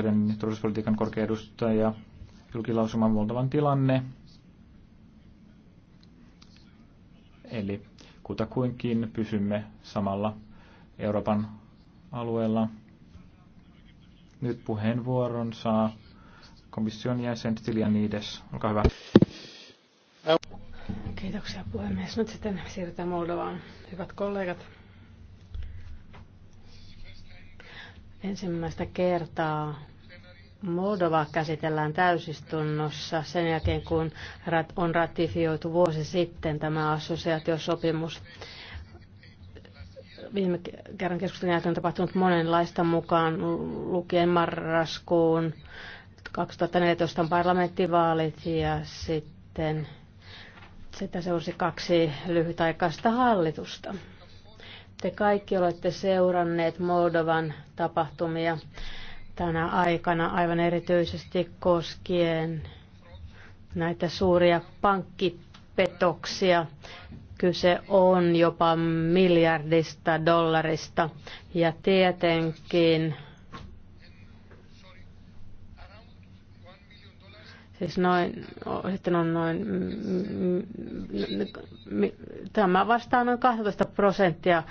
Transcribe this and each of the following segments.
Yhden turvallisuuspolitiikan korkea edustaja julkilausuman Moldovan tilanne. Eli kutakuinkin pysymme samalla Euroopan alueella. Nyt puheenvuoron saa komission jäsen Tilianides. Olkaa hyvä. Kiitoksia puhemies. Nyt sitten siirrytään Moldovaan. Hyvät kollegat, ensimmäistä kertaa Moldova käsitellään täysistunnossa sen jälkeen, kun on ratifioitu vuosi sitten tämä assosiaatiosopimus. Viime kerran keskustelun jälkeen on tapahtunut monenlaista mukaan lukien marraskuun 2014 parlamenttivaalit ja sitten sitä seurasi kaksi lyhytaikaista hallitusta. Te kaikki olette seuranneet Moldovan tapahtumia tänä aikana, aivan erityisesti koskien näitä suuria pankkipetoksia. Kyse on jopa miljardista dollarista ja tietenkin Siis noin, sitten on noin, tämä vastaa noin 12 prosenttia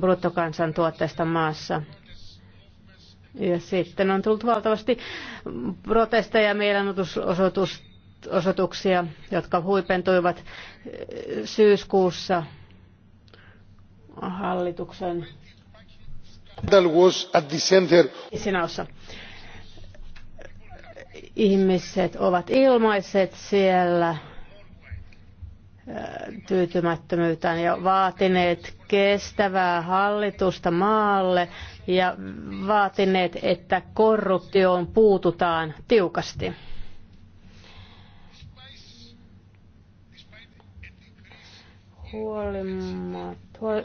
bruttokansantuotteesta maassa. Ja sitten on tullut valtavasti protesteja ja mielenosoituksia, jotka huipentuivat syyskuussa hallituksen was Sinaussa. Ihmiset ovat ilmaiset siellä tyytymättömyyttään ja vaatineet kestävää hallitusta maalle ja vaatineet, että korruptioon puututaan tiukasti. Huolimatta, huol...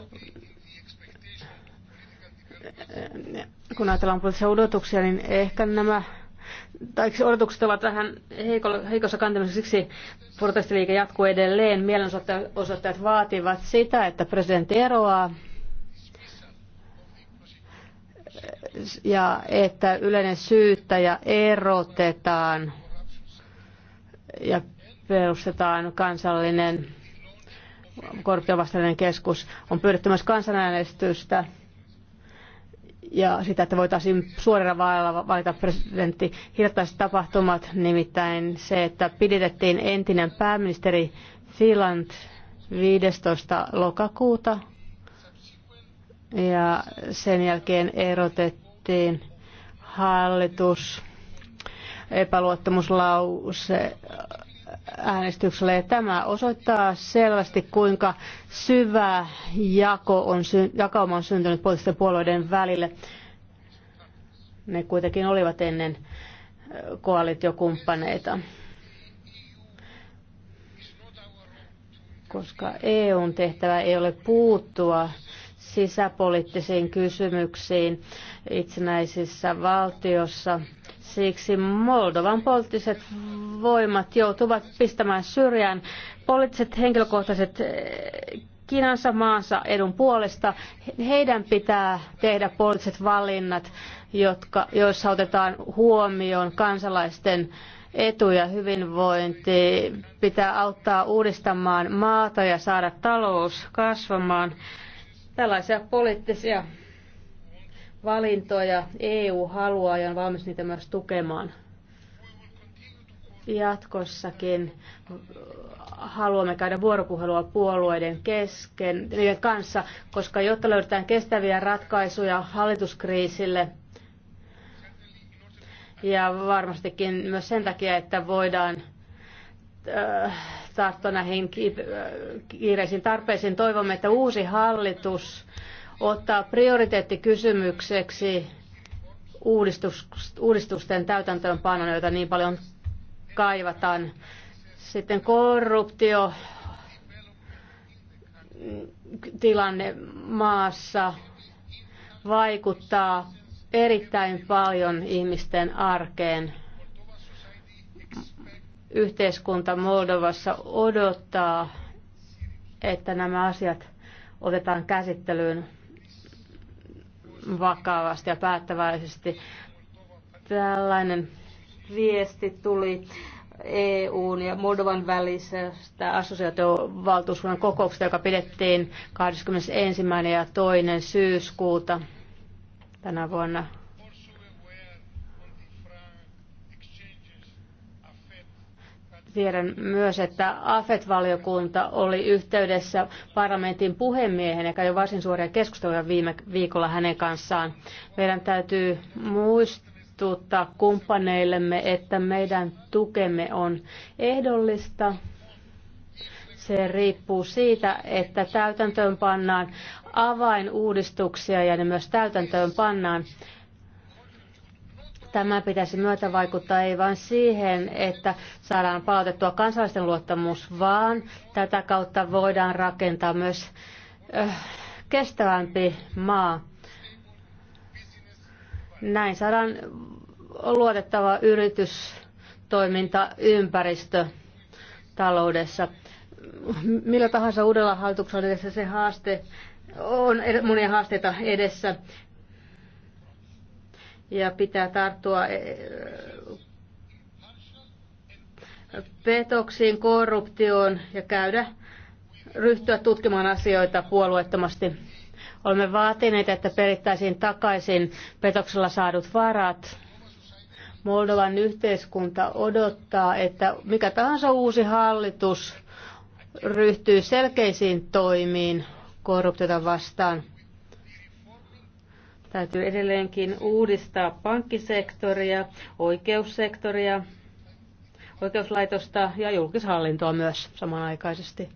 kun ajatellaan poliittisia odotuksia, niin ehkä nämä tai siis odotukset ovat vähän heikossa kantamassa, siksi protestiliike jatkuu edelleen. Mielenosoittajat vaativat sitä, että presidentti eroaa ja että yleinen syyttäjä erotetaan ja perustetaan kansallinen korruptiovastainen keskus. On pyydetty myös kansanäänestystä ja sitä, että voitaisiin suorilla vaaleilla valita presidentti. Hiljattaiset tapahtumat, nimittäin se, että pidetettiin entinen pääministeri Finland 15. lokakuuta ja sen jälkeen erotettiin hallitus, epäluottamuslause, äänestyksellä. Ja tämä osoittaa selvästi, kuinka syvä jako on, jakauma on syntynyt poliittisten puolueiden välille. Ne kuitenkin olivat ennen koalitiokumppaneita. Koska EUn tehtävä ei ole puuttua sisäpoliittisiin kysymyksiin itsenäisissä valtiossa Siksi Moldovan poliittiset voimat joutuvat pistämään syrjään poliittiset henkilökohtaiset eh, Kiinansa maansa edun puolesta. Heidän pitää tehdä poliittiset valinnat, jotka, joissa otetaan huomioon kansalaisten etu ja hyvinvointi. Pitää auttaa uudistamaan maata ja saada talous kasvamaan. Tällaisia poliittisia valintoja EU haluaa ja on valmis niitä myös tukemaan. Jatkossakin haluamme käydä vuoropuhelua puolueiden kesken, niiden kanssa, koska jotta löydetään kestäviä ratkaisuja hallituskriisille, ja varmastikin myös sen takia, että voidaan tarttua näihin kiireisiin tarpeisiin. Toivomme, että uusi hallitus ottaa prioriteettikysymykseksi uudistusten täytäntöönpanon, joita niin paljon kaivataan. Sitten korruptio, tilanne maassa vaikuttaa erittäin paljon ihmisten arkeen. Yhteiskunta Moldovassa odottaa, että nämä asiat otetaan käsittelyyn vakavasti ja päättäväisesti. Tällainen viesti tuli EUn ja Moldovan välisestä assosiaatiovaltuuskunnan kokouksesta, joka pidettiin 21. ja 2. syyskuuta tänä vuonna Tiedän myös, että AFET-valiokunta oli yhteydessä parlamentin puhemiehen, joka jo varsin suoria keskusteluja viime viikolla hänen kanssaan. Meidän täytyy muistuttaa kumppaneillemme, että meidän tukemme on ehdollista. Se riippuu siitä, että täytäntöön pannaan avainuudistuksia ja ne myös täytäntöön pannaan. Tämä pitäisi myötä vaikuttaa ei vain siihen, että saadaan palautettua kansalaisten luottamus, vaan tätä kautta voidaan rakentaa myös kestävämpi maa. Näin saadaan luotettava yritystoimintaympäristö taloudessa. Millä tahansa uudella hallituksella edessä se haaste on monia haasteita edessä ja pitää tarttua eh, petoksiin, korruptioon ja käydä ryhtyä tutkimaan asioita puolueettomasti. Olemme vaatineet, että perittäisiin takaisin petoksella saadut varat. Moldovan yhteiskunta odottaa, että mikä tahansa uusi hallitus ryhtyy selkeisiin toimiin korruptiota vastaan. Täytyy edelleenkin uudistaa pankkisektoria, oikeussektoria, oikeuslaitosta ja julkishallintoa myös samanaikaisesti.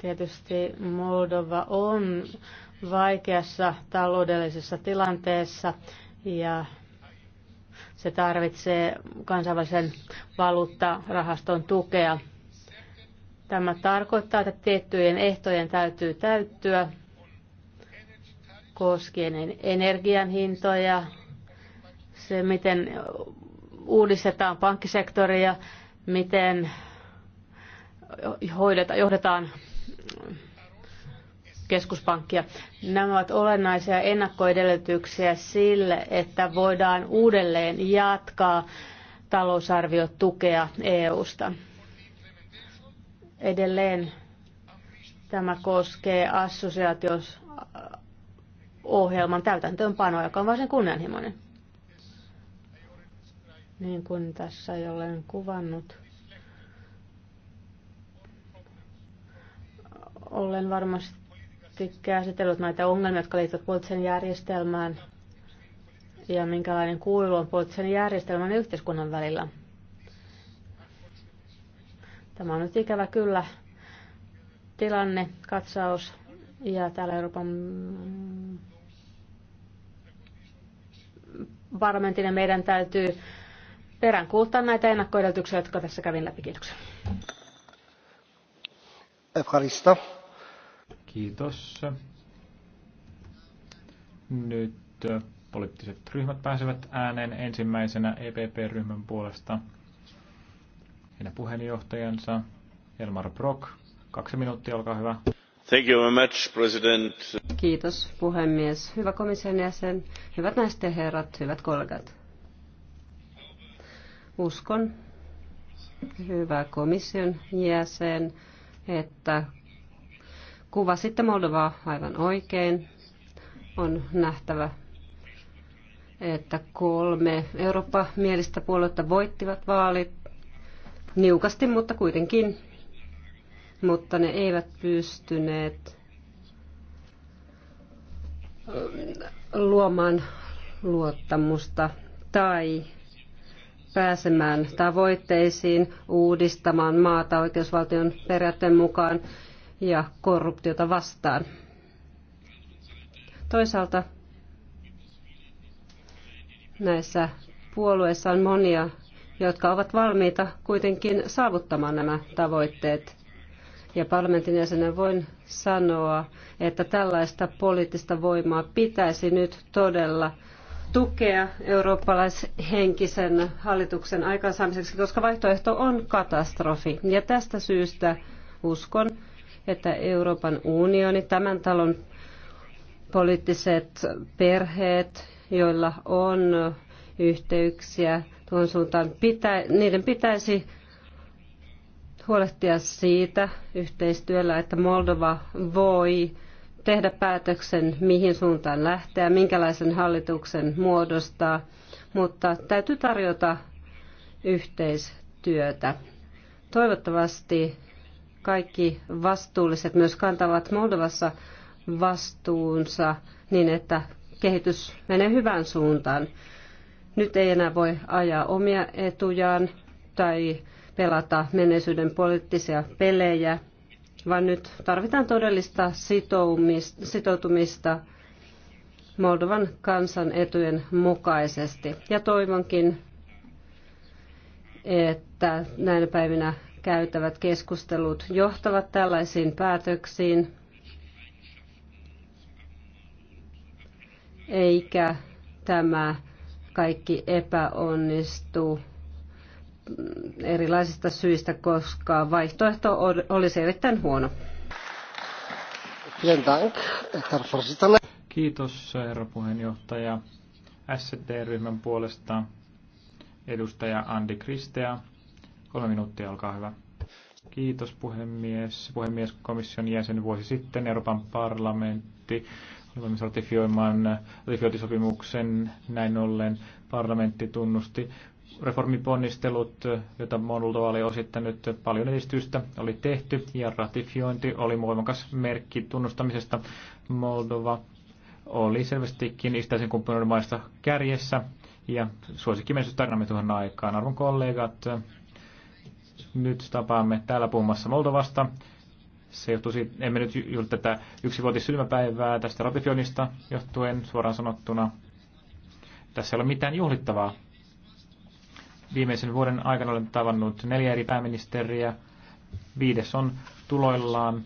Tietysti Moldova on vaikeassa taloudellisessa tilanteessa ja se tarvitsee kansainvälisen valuuttarahaston tukea. Tämä tarkoittaa, että tiettyjen ehtojen täytyy täyttyä koskien energian hintoja, se miten uudistetaan pankkisektoria, miten hoidetaan, johdetaan keskuspankkia. Nämä ovat olennaisia ennakkoedellytyksiä sille, että voidaan uudelleen jatkaa talousarviotukea EU-sta. Edelleen tämä koskee assosiaatiosohjelman täytäntöönpanoa, joka on varsin kunnianhimoinen. Niin kuin tässä ei olen kuvannut. Olen varmasti käsitellyt näitä ongelmia, jotka liittyvät poliittiseen järjestelmään ja minkälainen kuilu on poliittisen järjestelmän ja yhteiskunnan välillä. Tämä on nyt ikävä kyllä tilanne, katsaus ja täällä Euroopan parlamentin meidän täytyy peräänkuuttaa näitä ennakkoedellytyksiä, jotka tässä kävin läpi. Kiitoksia. Evharista. Kiitos. Nyt poliittiset ryhmät pääsevät ääneen ensimmäisenä EPP-ryhmän puolesta heidän puheenjohtajansa Elmar Brock. Kaksi minuuttia, olkaa hyvä. Thank you very much, President. Kiitos puhemies. Hyvä komission jäsen, hyvät naiset ja herrat, hyvät kollegat. Uskon, hyvä komission jäsen, että kuva sitten Moldovaa aivan oikein. On nähtävä, että kolme Eurooppa-mielistä puoluetta voittivat vaalit niukasti, mutta kuitenkin. Mutta ne eivät pystyneet luomaan luottamusta tai pääsemään tavoitteisiin, uudistamaan maata oikeusvaltion periaatteen mukaan ja korruptiota vastaan. Toisaalta näissä puolueissa on monia jotka ovat valmiita kuitenkin saavuttamaan nämä tavoitteet. Ja parlamentin jäsenen voin sanoa, että tällaista poliittista voimaa pitäisi nyt todella tukea eurooppalaishenkisen hallituksen aikaansaamiseksi, koska vaihtoehto on katastrofi. Ja tästä syystä uskon, että Euroopan unioni, tämän talon poliittiset perheet, joilla on yhteyksiä tuon suuntaan. Pitä, niiden pitäisi huolehtia siitä yhteistyöllä, että Moldova voi tehdä päätöksen, mihin suuntaan lähteä, minkälaisen hallituksen muodostaa, mutta täytyy tarjota yhteistyötä. Toivottavasti kaikki vastuulliset myös kantavat Moldovassa vastuunsa niin, että kehitys menee hyvään suuntaan. Nyt ei enää voi ajaa omia etujaan tai pelata menneisyyden poliittisia pelejä, vaan nyt tarvitaan todellista sitoutumista Moldovan kansan etujen mukaisesti. Ja toivonkin, että näinä päivinä käytävät keskustelut johtavat tällaisiin päätöksiin, eikä tämä kaikki epäonnistuu erilaisista syistä, koska vaihtoehto olisi erittäin huono. Kiitos, herra puheenjohtaja. ST-ryhmän puolesta edustaja Andi Kristea. Kolme minuuttia, olkaa hyvä. Kiitos puhemies. Puhemies komission jäsen vuosi sitten Euroopan parlamentti valmis ratifioimaan ratifiointisopimuksen. Näin ollen parlamentti tunnusti reformiponnistelut, joita Moldova oli osittanut paljon edistystä, oli tehty ja ratifiointi oli voimakas merkki tunnustamisesta. Moldova oli selvästikin istäisen kumppanuuden maista kärjessä ja suosikki menestystä tuohon aikaan. Arvon kollegat, nyt tapaamme täällä puhumassa Moldovasta. Se johtuu siitä, emme nyt juuri tätä yksivuotissylmäpäivää tästä ratifioinnista johtuen suoraan sanottuna. Tässä ei ole mitään juhlittavaa. Viimeisen vuoden aikana olen tavannut neljä eri pääministeriä. Viides on tuloillaan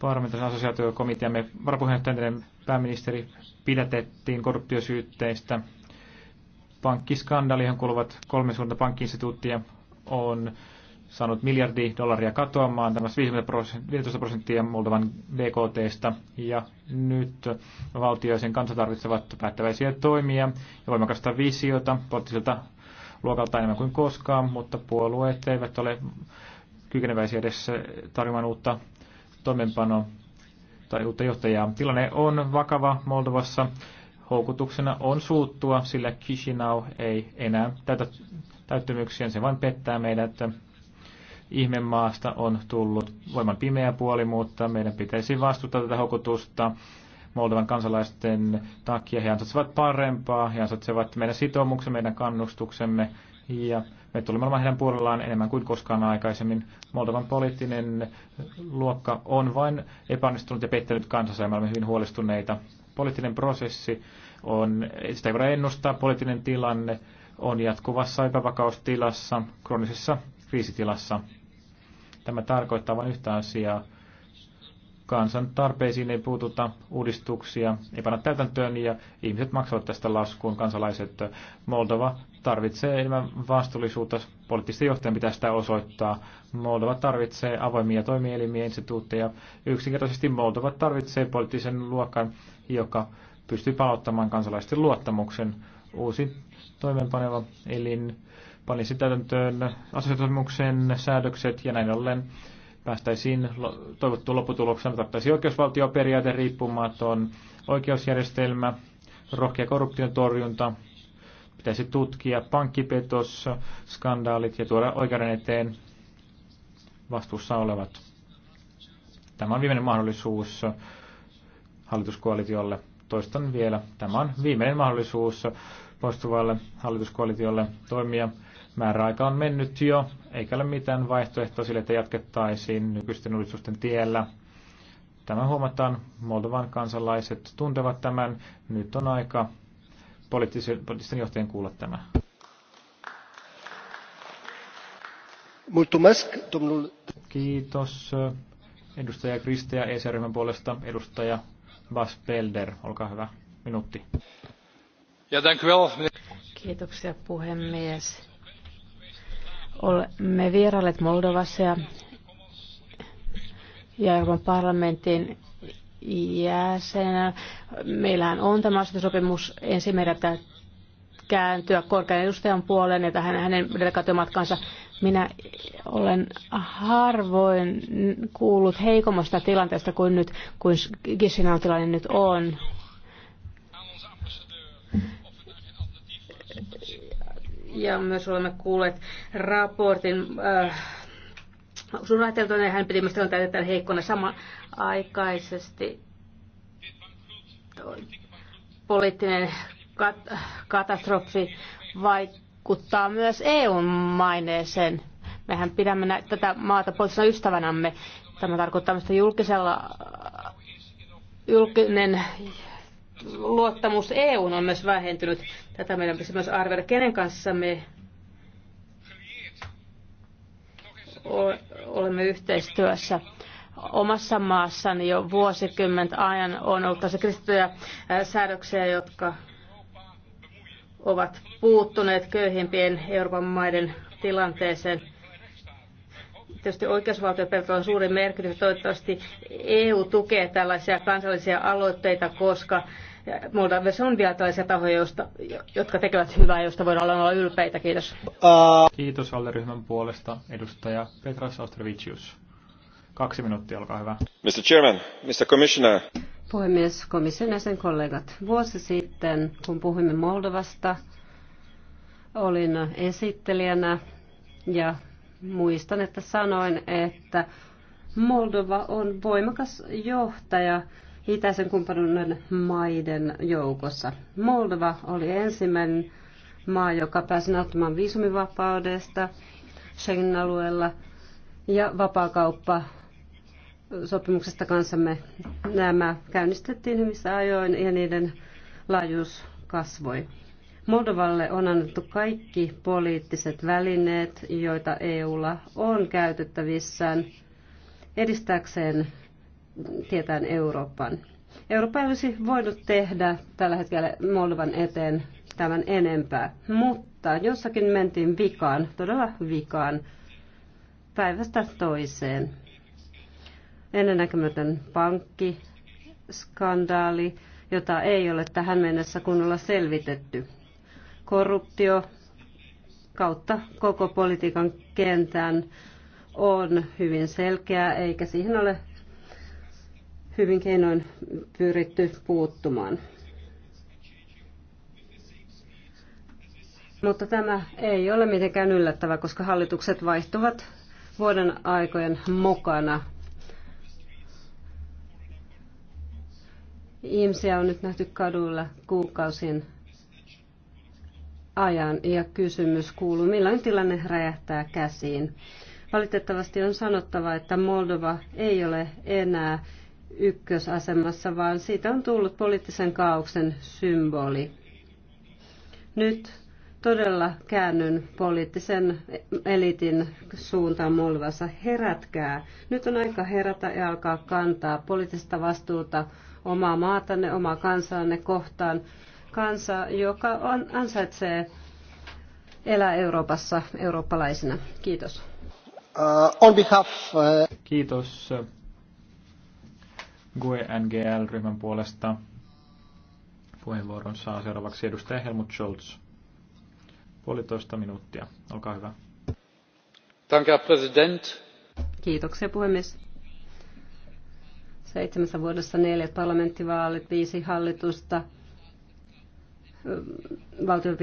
parlamentaarisen assosiaatiokomiteamme varapuheenjohtajan pääministeri pidätettiin korruptiosyytteistä. johon kuuluvat kolme suurta pankkiinstituuttia on saanut miljardi dollaria katoamaan, tämä 15 prosenttia Moldovan BKTstä, ja nyt valtio ja sen kansa tarvitsevat päättäväisiä toimia ja voimakasta visiota poliittiselta luokalta enemmän kuin koskaan, mutta puolueet eivät ole kykeneväisiä edes tarjoamaan uutta toimenpanoa tai uutta johtajaa. Tilanne on vakava Moldovassa. Houkutuksena on suuttua, sillä Kishinau ei enää täytä täyttymyksiä, se vain pettää meidät ihme maasta on tullut voiman pimeä puoli, mutta meidän pitäisi vastuuttaa tätä hokutusta. Moldovan kansalaisten takia he ansaitsevat parempaa, he ansaitsevat meidän sitoumuksen, meidän kannustuksemme ja me tulemme olemaan heidän puolellaan enemmän kuin koskaan aikaisemmin. Moldovan poliittinen luokka on vain epäonnistunut ja pettänyt kansansa ja me olemme hyvin huolestuneita. Poliittinen prosessi on, sitä ei voida ennustaa, poliittinen tilanne on jatkuvassa epävakaustilassa, kroonisessa kriisitilassa. Tämä tarkoittaa vain yhtä asiaa. Kansan tarpeisiin ei puututa uudistuksia, ei panna täytäntöön ja ihmiset maksavat tästä laskuun. Kansalaiset Moldova tarvitsee enemmän vastuullisuutta. Poliittisten johtajan pitää sitä osoittaa. Moldova tarvitsee avoimia toimielimiä, instituutteja. Yksinkertaisesti Moldova tarvitsee poliittisen luokan, joka pystyy palauttamaan kansalaisten luottamuksen. Uusi toimeenpaneva elin panisi täytäntöön asetusmuksen säädökset ja näin ollen päästäisiin toivottuun lopputulokseen, tarvittaisiin oikeusvaltioperiaate, riippumaton oikeusjärjestelmä, rohkea korruption torjunta, pitäisi tutkia pankkipetos, skandaalit ja tuoda oikeuden eteen vastuussa olevat. Tämä on viimeinen mahdollisuus hallituskoalitiolle. Toistan vielä, tämä on viimeinen mahdollisuus poistuvalle hallituskoalitiolle toimia määräaika on mennyt jo, eikä ole mitään vaihtoehtoa sille, että jatkettaisiin nykyisten uudistusten tiellä. Tämä huomataan, Moldovan kansalaiset tuntevat tämän. Nyt on aika poliittisen, poliittisten johtajien kuulla tämä. Kiitos edustaja Kristeä ESR-ryhmän puolesta. Edustaja Bas Belder, olkaa hyvä. Minuutti. Kiitoksia puhemies Olemme vierailleet Moldovassa ja, ja Euroopan parlamentin jäsenä. Meillähän on tämä asetusopimus. Ensin meidän kääntyä korkean edustajan puoleen ja tähän hänen delegaatiomatkansa. Minä olen harvoin kuullut heikommasta tilanteesta kuin nyt, kuin Kissinau tilanne nyt on. ja myös olemme kuulleet raportin äh, surahteltuna ja hän piti myös täytetään heikkona samanaikaisesti poliittinen kat- katastrofi vaikuttaa myös EUn maineeseen. Mehän pidämme nä- tätä maata poliittisena ystävänämme. Tämä tarkoittaa, että julkisella, julkinen luottamus EU on myös vähentynyt. Tätä meidän pitäisi myös arvioida, kenen kanssa me olemme yhteistyössä. Omassa maassani jo vuosikymmentä ajan on ollut tässä kristittyjä säädöksiä, jotka ovat puuttuneet köyhimpien Euroopan maiden tilanteeseen. Tietysti oikeusvaltioperiaatteella on suuri merkitys. Toivottavasti EU tukee tällaisia kansallisia aloitteita, koska Moldavissa on vielä tällaisia tahoja, joista, jotka tekevät hyvää, joista voidaan olla ylpeitä. Kiitos. Kiitos alleryhmän puolesta edustaja Petras Ostrovicius. Kaksi minuuttia, olkaa hyvä. Mr. Chairman, Mr. Commissioner. Puhemies, komission jäsen kollegat. Vuosi sitten, kun puhuimme Moldovasta, olin esittelijänä ja muistan, että sanoin, että Moldova on voimakas johtaja itäisen kumppanuuden maiden joukossa. Moldova oli ensimmäinen maa, joka pääsi nauttimaan viisumivapaudesta Schengen-alueella ja vapaakauppa sopimuksesta kanssamme nämä käynnistettiin hyvissä ajoin ja niiden laajuus kasvoi. Moldovalle on annettu kaikki poliittiset välineet, joita EUlla on käytettävissään edistääkseen tietään Euroopan. Eurooppa ei olisi voinut tehdä tällä hetkellä Moldovan eteen tämän enempää, mutta jossakin mentiin vikaan, todella vikaan, päivästä toiseen. Ennennäkemätön pankkiskandaali, jota ei ole tähän mennessä kunnolla selvitetty. Korruptio kautta koko politiikan kentän on hyvin selkeää, eikä siihen ole hyvin keinoin pyritty puuttumaan. Mutta tämä ei ole mitenkään yllättävä, koska hallitukset vaihtuvat vuoden aikojen mukana. Ihmisiä on nyt nähty kaduilla kuukausien ajan ja kysymys kuuluu, milloin tilanne räjähtää käsiin. Valitettavasti on sanottava, että Moldova ei ole enää ykkösasemassa, vaan siitä on tullut poliittisen kaauksen symboli. Nyt todella käännyn poliittisen elitin suuntaan Molvassa. Herätkää. Nyt on aika herätä ja alkaa kantaa poliittista vastuuta omaa maatanne, omaa kansanne kohtaan. Kansa, joka on, ansaitsee elää Euroopassa eurooppalaisena. Kiitos. Uh, on behalf, uh... Kiitos GUE NGL-ryhmän puolesta. Puheenvuoron saa seuraavaksi edustaja Helmut Scholz. Puolitoista minuuttia. Olkaa hyvä. Danke, president. Kiitoksia puhemies. Seitsemässä vuodessa neljä parlamenttivaalit, viisi hallitusta, valtion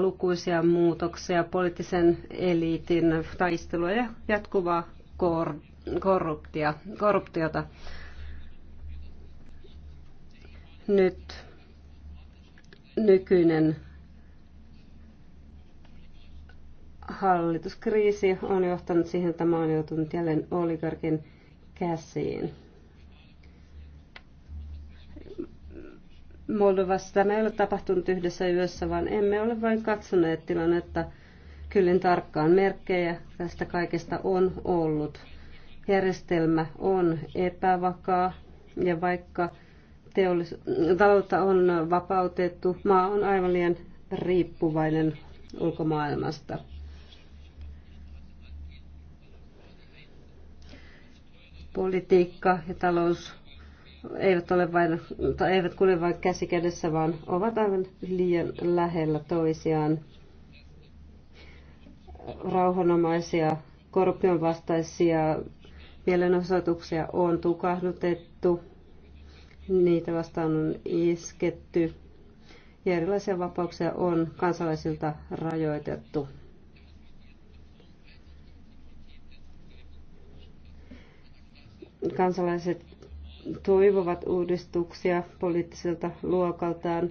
lukuisia muutoksia, poliittisen eliitin taistelua ja jatkuvaa kor- korruptia, korruptiota nyt nykyinen hallituskriisi on johtanut siihen, että maa on joutunut jälleen oligarkin käsiin. Moldovassa tämä ei ole tapahtunut yhdessä yössä, vaan emme ole vain katsoneet tilannetta kyllin tarkkaan. Merkkejä tästä kaikesta on ollut. Järjestelmä on epävakaa ja vaikka teollis- taloutta on vapautettu. Maa on aivan liian riippuvainen ulkomaailmasta. Politiikka ja talous eivät, ole vain, tai eivät kulje vain käsi kädessä, vaan ovat aivan liian lähellä toisiaan. Rauhanomaisia, korruption vastaisia mielenosoituksia on tukahdutettu niitä vastaan on isketty ja erilaisia vapauksia on kansalaisilta rajoitettu. Kansalaiset toivovat uudistuksia poliittiselta luokaltaan.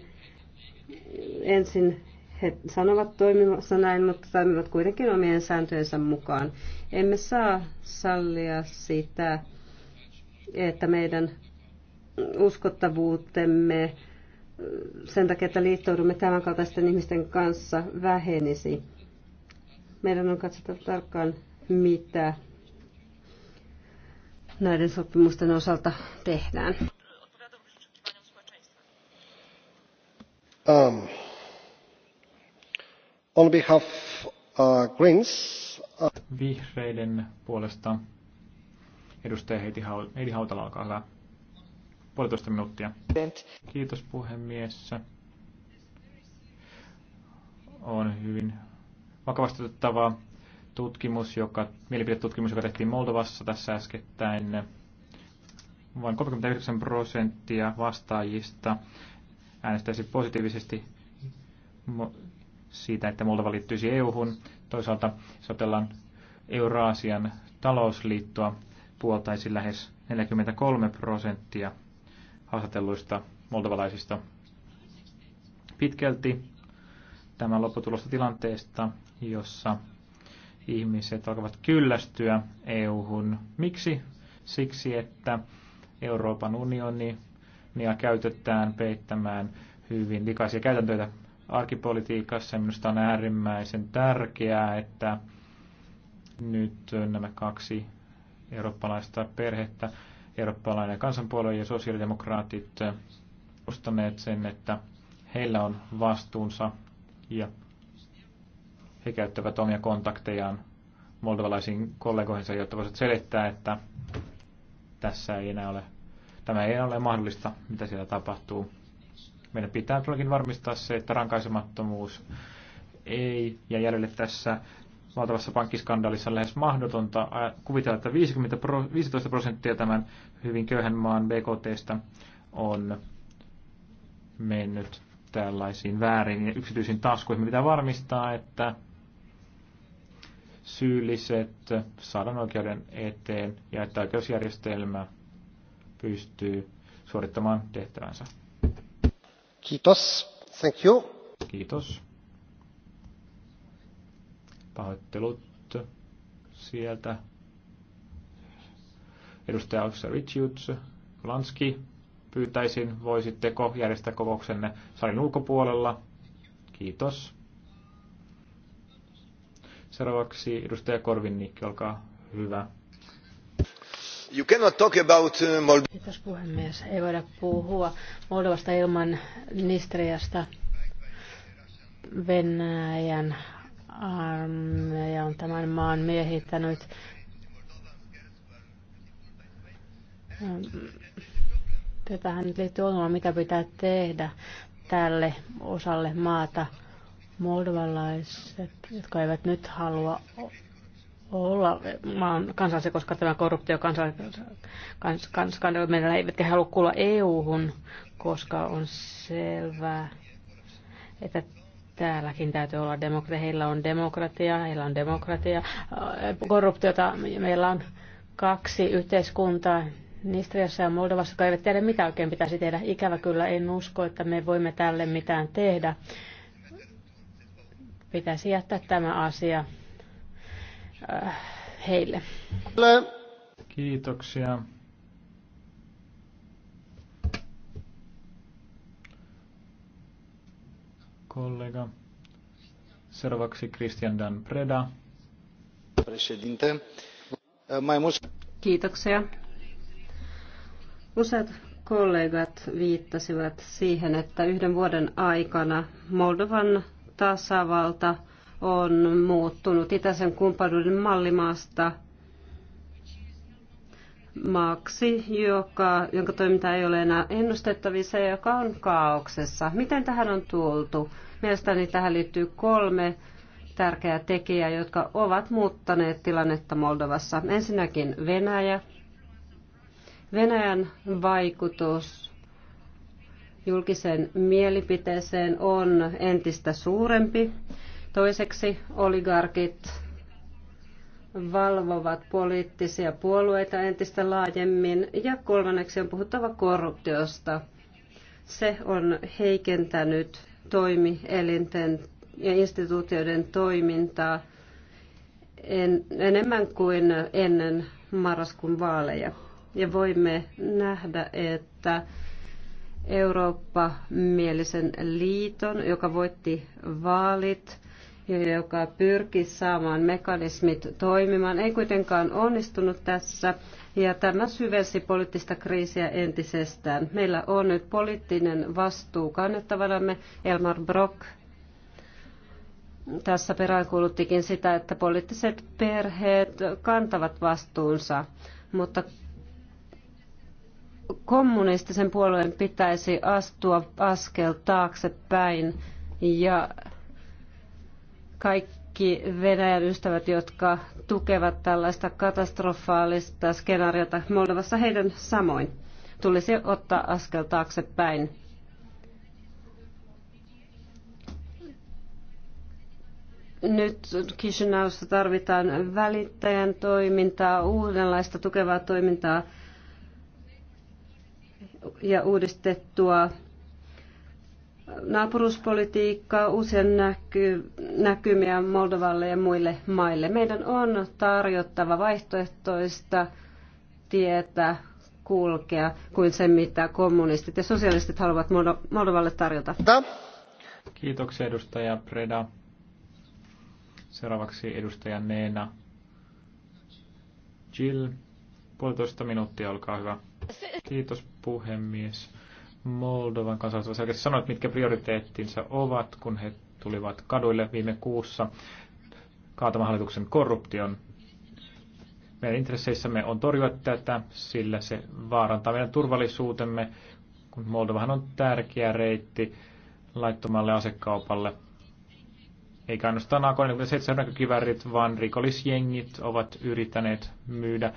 Ensin he sanovat toimimassa näin, mutta toimivat kuitenkin omien sääntöjensä mukaan. Emme saa sallia sitä, että meidän uskottavuutemme sen takia, että liittoudumme tämän kaltaisten ihmisten kanssa vähenisi. Meidän on katsottava tarkkaan, mitä näiden sopimusten osalta tehdään. Um, on behalf uh, Greens. Uh... Vihreiden puolesta edustaja Heidi Hautala, olkaa hyvä puolitoista minuuttia. Kiitos puhemies. On hyvin vakavasti otettava tutkimus, joka, mielipidetutkimus, joka tehtiin Moldovassa tässä äskettäin. Vain 39 prosenttia vastaajista äänestäisi positiivisesti siitä, että Moldova liittyisi EU-hun. Toisaalta sotellaan Euraasian talousliittoa puoltaisi lähes 43 prosenttia haastatelluista moldovalaisista. Pitkälti tämä lopputulosta tilanteesta, jossa ihmiset alkavat kyllästyä EU-hun. Miksi? Siksi, että Euroopan unioni ja käytetään peittämään hyvin likaisia käytäntöitä arkipolitiikassa. Minusta on äärimmäisen tärkeää, että nyt nämä kaksi eurooppalaista perhettä eurooppalainen kansanpuolue ja sosiaalidemokraatit ostaneet sen, että heillä on vastuunsa ja he käyttävät omia kontaktejaan moldovalaisiin kollegoihinsa, jotta voisivat selittää, että tässä ei enää ole, tämä ei enää ole mahdollista, mitä siellä tapahtuu. Meidän pitää todellakin varmistaa se, että rankaisemattomuus ei ja jäljelle tässä valtavassa pankkiskandaalissa on lähes mahdotonta kuvitella, että 50, 15 prosenttia tämän hyvin köyhän maan BKTstä on mennyt tällaisiin väärin ja yksityisiin taskuihin. Me pitää varmistaa, että syylliset saadaan oikeuden eteen ja että oikeusjärjestelmä pystyy suorittamaan tehtävänsä. Kiitos. Thank you. Kiitos. Pahoittelut sieltä. Edustaja Oksarichiuts, Lanski, pyytäisin, voisitteko järjestää kokouksenne salin ulkopuolella. Kiitos. Seuraavaksi edustaja Korvinnikki, olkaa hyvä. You cannot talk about uh, Moldova. Kiitos puhemies. Ei voida puhua Moldovasta ilman Nistriasta Venäjän Armeija on tämän maan miehittänyt. Tähän nyt liittyy ongelma, mitä pitää tehdä tälle osalle maata. Moldovalaiset, jotka eivät nyt halua olla maan kansalaisia, koska tämä korruptio kansalainen kans, meidän eivätkä halua kuulla EU-hun, koska on selvää, että Täälläkin täytyy olla demokratia. Heillä on demokratia, heillä on demokratia, äh, korruptiota. Meillä on kaksi yhteiskuntaa, Nistriassa ja Moldovassa, jotka eivät tiedä, mitä oikein pitäisi tehdä. Ikävä kyllä en usko, että me voimme tälle mitään tehdä. Pitäisi jättää tämä asia äh, heille. Kiitoksia. kollega. Seuraavaksi Christian Dan Preda. Kiitoksia. Useat kollegat viittasivat siihen, että yhden vuoden aikana Moldovan tasavalta on muuttunut itäisen kumppanuuden mallimaasta – maaksi, joka, jonka toiminta ei ole enää ennustettavissa ja joka on kaauksessa. Miten tähän on tultu? Mielestäni tähän liittyy kolme tärkeää tekijää, jotka ovat muuttaneet tilannetta Moldovassa. Ensinnäkin Venäjä. Venäjän vaikutus julkiseen mielipiteeseen on entistä suurempi. Toiseksi oligarkit valvovat poliittisia puolueita entistä laajemmin ja kolmanneksi on puhuttava korruptiosta. Se on heikentänyt toimielinten ja instituutioiden toimintaa en, enemmän kuin ennen marraskuun vaaleja. Ja voimme nähdä, että Eurooppa-mielisen liiton, joka voitti vaalit, joka pyrki saamaan mekanismit toimimaan, ei kuitenkaan onnistunut tässä. Ja tämä syvensi poliittista kriisiä entisestään. Meillä on nyt poliittinen vastuu kannettavanamme. Elmar Brock tässä peräänkuuluttikin sitä, että poliittiset perheet kantavat vastuunsa, mutta kommunistisen puolueen pitäisi astua askel taaksepäin ja kaikki Venäjän ystävät, jotka tukevat tällaista katastrofaalista skenaariota Moldovassa, heidän samoin tulisi ottaa askel taaksepäin. Nyt Kishinaussa tarvitaan välittäjän toimintaa, uudenlaista tukevaa toimintaa ja uudistettua naapuruspolitiikkaa, uusien näky, näkymiä Moldovalle ja muille maille. Meidän on tarjottava vaihtoehtoista tietä kulkea kuin se, mitä kommunistit ja sosialistit haluavat Moldovalle tarjota. Kiitoksia edustaja Preda. Seuraavaksi edustaja Neena. Jill, puolitoista minuuttia, olkaa hyvä. Kiitos puhemies. Moldovan kansalaiset selkeästi sanoivat, mitkä prioriteettinsa ovat, kun he tulivat kaduille viime kuussa kaatamaan hallituksen korruption. Meidän intresseissämme on torjua tätä, sillä se vaarantaa meidän turvallisuutemme, kun Moldovahan on tärkeä reitti laittomalle asekaupalle. Eikä ainoastaan A47 näkökiväärit, vaan rikollisjengit ovat yrittäneet myydä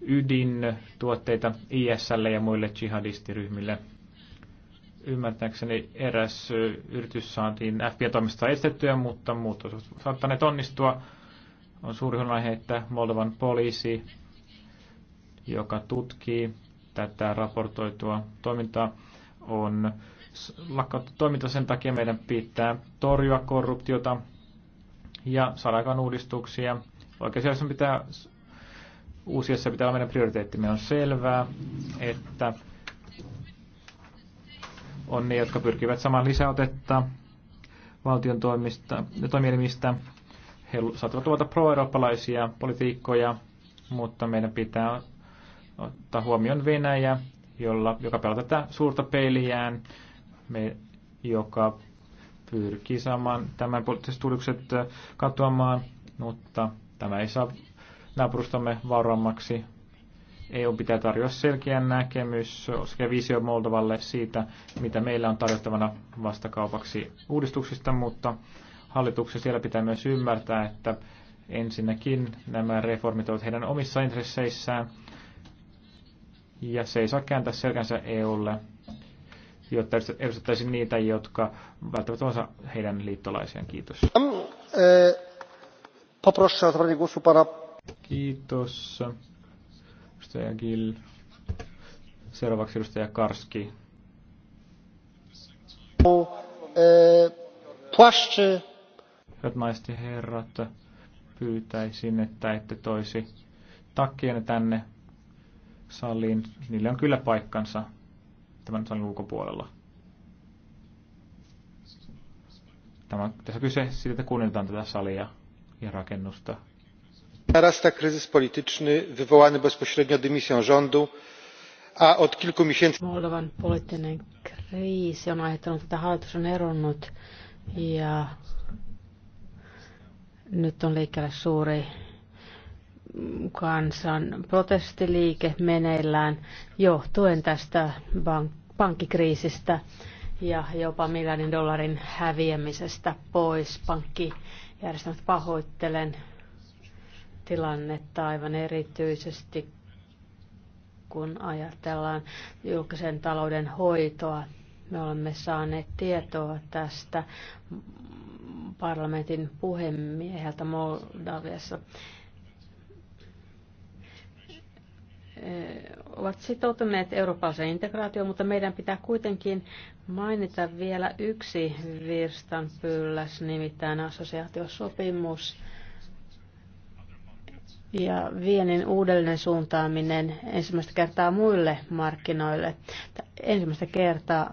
ydintuotteita ISL ja muille jihadistiryhmille ymmärtääkseni eräs yritys saatiin FBI-toimista estettyä, mutta muut ovat saattaneet onnistua. On suuri huolenaihe, että Moldovan poliisi, joka tutkii tätä raportoitua toimintaa, on lakkauttu toiminta sen takia meidän pitää torjua korruptiota ja saada aikaan uudistuksia. Oikeastaan pitää, uusiassa pitää olla meidän prioriteettimme. On selvää, että on ne, jotka pyrkivät saman lisäotetta valtion toimista, toimielimistä. He saattavat olla pro-eurooppalaisia politiikkoja, mutta meidän pitää ottaa huomioon Venäjä, jolla, joka pelaa tätä suurta peiliään, me, joka pyrkii saamaan tämän poliittiset tulokset äh, katoamaan, mutta tämä ei saa naapurustamme vauraammaksi EU pitää tarjota selkeä näkemys sekä visio Moldovalle siitä, mitä meillä on tarjottavana vastakaupaksi uudistuksista, mutta hallituksen siellä pitää myös ymmärtää, että ensinnäkin nämä reformit ovat heidän omissa intresseissään ja se ei saa kääntää selkänsä EUlle, jotta edustettaisiin niitä, jotka välttävät osa heidän liittolaisiaan. Kiitos. E, Kiitos. Edustaja Gill. Seuraavaksi edustaja Karski. Hyvät naiset ja herrat, pyytäisin, että ette toisi takkienne tänne saliin. Niille on kyllä paikkansa tämän salin ulkopuolella. Tämä, tässä on kyse siitä, että kunnioitetaan tätä salia ja rakennusta narasta kryzys polityczny wywołany bezpośrednio dymisją rządu a od kilku miesięcy. moldovan poliittinen kriisi on aiheuttanut että hallitus on eronnut ja nyt on liikkeellä suuri kansan protestiliike meneillään johtuen tästä bank- pankkikriisistä ja jopa miljardin dollarin häviämisestä pois. Pankkijärjestelmät pahoittelen tilannetta aivan erityisesti, kun ajatellaan julkisen talouden hoitoa. Me olemme saaneet tietoa tästä parlamentin puhemieheltä Moldaviassa. ovat sitoutuneet eurooppalaiseen integraatioon, mutta meidän pitää kuitenkin mainita vielä yksi virstanpylläs, nimittäin assosiaatiosopimus ja viennin uudelleen suuntaaminen ensimmäistä kertaa muille markkinoille. Ensimmäistä kertaa